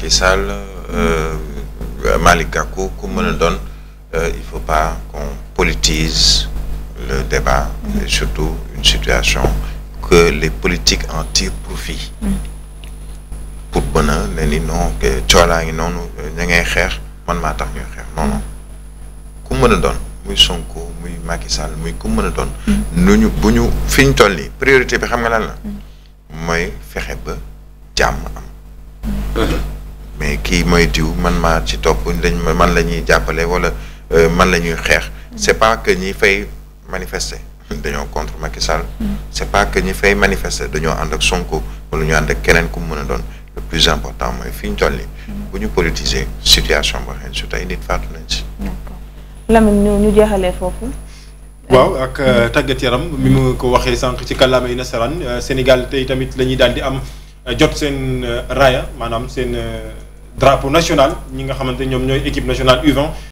Macky Sall euh, Malick Gakou ku mën a doon euh, il faut pas qu'on politise le débat mm-hmm. surtout une situation que les politiques en tirent profit mm-hmm. pour mën a ne ni coolaa ngi noonu ña ngay xeex man maa tax ñuy xeex non non ku mën a doon muy Sonko muy Macky Sall muy ku mën a doon mm-hmm. nu ñu bu ñu fi ñu toll nii priorité bi xam nga lan na mooy fexe ba jàmm am mais kii mooy diw man maa ci topp dañ man la ñuy jàppale wala euh, man la ñuy xeex c'est pas que ñi fay manifester dañoo contre Macky Sall c'est pas que ñi fay manifester dañoo ànd ak Sonko wala ñu ànd ak keneen ku mu mën a doon le plus important mooy fi ñu toll nii bu ñu politiser situation boo xam ne su tey nit faatu nañ si. d'accord ñu jeexalee foofu. waaw ak euh, tàggat yaram mi mu ko waxee sànq ci kàllaamay nasaraan euh, Sénégal tey tamit la ñuy daal di am jot seen raaya maanaam seen. drapeau national ñi nga xamante ñoom ñooy équipe nationale U20